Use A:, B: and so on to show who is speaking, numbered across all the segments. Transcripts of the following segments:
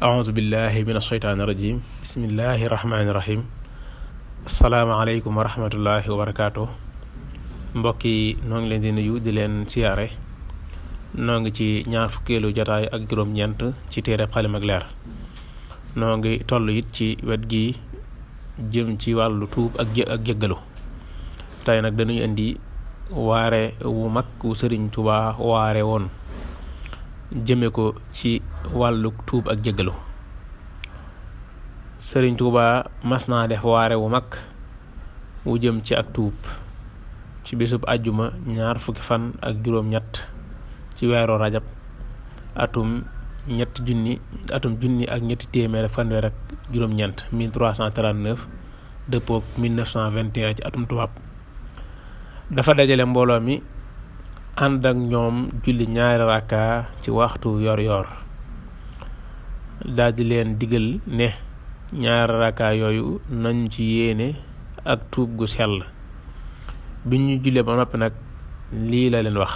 A: auzu billahi min asheytaani rajim bismillahi rahmaani rahim asalaamaaleykum wa rahmatullahi wa barakaatu mbokk yi noo ngi leen di nuyu di leen siyaare noo ngi ci ñaar fukkeelu jataay ak juróom-ñeent ci téereb Xalimag ak leer noo ngi toll ci wet gi jëm ci wàllu tuub ak ak jéggalu tey nag dañuy indi waare wu mag wu Sëriñ Tuubaa waare woon jëmme ko ci wàllu tuub ak jéggalu sëriñ tuuba mas naa def waare wu mag wu jëm ci ak tuub ci bisub àjjuma ñaar fukki fan ak juróom-ñett ci weeru rajab atum ñetti junni atum junni ak ñetti téeméer ak fanweer ak juróom-ñeent 1339 dëppoog 1921 ci atum tubaab dafa dajale mbooloo mi ànd ak ñoom julli ñaari rakka ci waxtu yor-yor daldi leen digal ne ñaari rakka yooyu nañu ci yéene ak tuub gu sell bi ñu jullee ba noppi nag lii la leen wax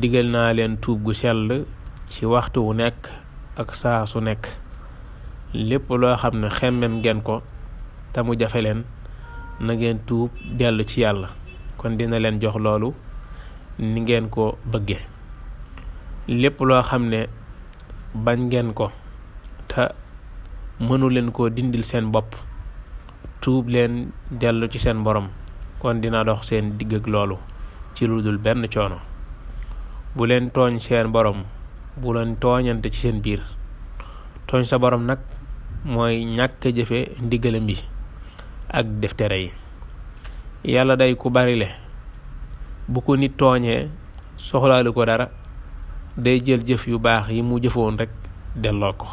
A: digal naa leen tuub gu sell ci waxtu wu nekk ak saa su nekk lépp loo xam ne xemmem ngeen ko te mu jafe leen na ngeen tuub dellu ci yàlla kon dina leen jox loolu ni ngeen ko bëggee lépp loo xam ne bañ ngeen ko te mënu leen koo dindil seen bopp tuub leen dellu ci seen boroom kon dina dox seen digg loolu ci lu dul benn coono bu leen tooñ seen boroom bu leen tooñante ci seen biir tooñ sa boroom nag mooy ñàkk jëfe ndigalam bi ak def tere yi yàlla day ku barile bu ko nit tooñee soxlaalu ko dara day jël jëf yu baax yi mu jëfoon rekk delloo ko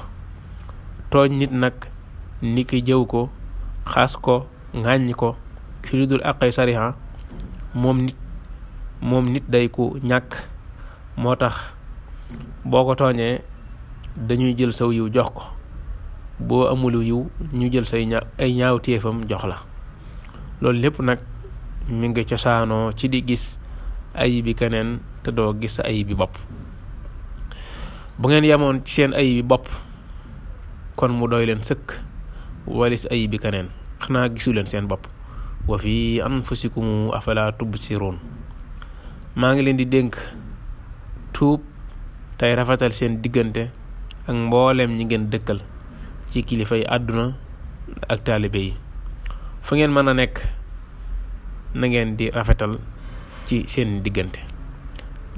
A: tooñ nit nag ni ki jëw ko xas ko ŋàññ ko ki lu dul àqay moom nit moom nit day ku ñàkk moo tax boo ko tooñee dañuy jël saw yiw jox ko boo amulu yiw ñu jël say ñaaw ay ñaaw jox la loolu lépp nag mu ngi cosaanoo ci di gis ayibi keneen te doo gis sa ayibi bopp bu ngeen yamoon ci seen ayibi bopp kon mu doy leen sëkk walis ayibi keneen xanaa gisu leen seen bopp wa fi anfusikum afala tubsirun maa ngi leen di dénk tuub tey rafetal seen diggante ak mbooleem ñi ngeen dëkkal ci kilifa yi àdduna ak taalibe yi fu ngeen mën a nekk nangeen di rafetal ci seen diggante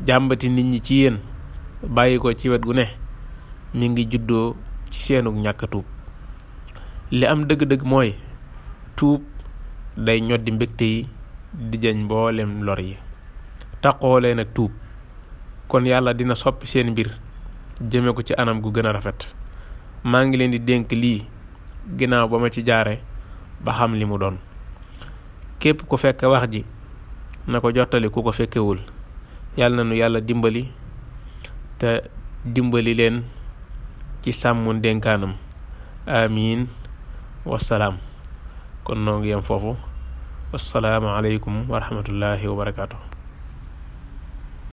A: jàmbati nit ñi ci yéen bàyyi ko ci wet gu ne mi ngi juddoo ci seenug ñàkk tuub li am dëgg-dëgg mooy tuub day ñoddi mbégte yi di jañ mboolem lor yi taqoo leen ak tuub kon yàlla dina soppi seen mbir jëme ko ci anam gu gën a rafet maa ngi leen di dénk lii ginnaaw ba ma ci jaare ba xam li mu doon képp ku fekk wax ji na ko jottali ku ko fekkewul yàlla na nu yàlla dimbali te dimbali leen ci sàmmun dénkaanam amiin wasalaam kon noo ngi foofu wasalaamu aleykum wa rahmatullahi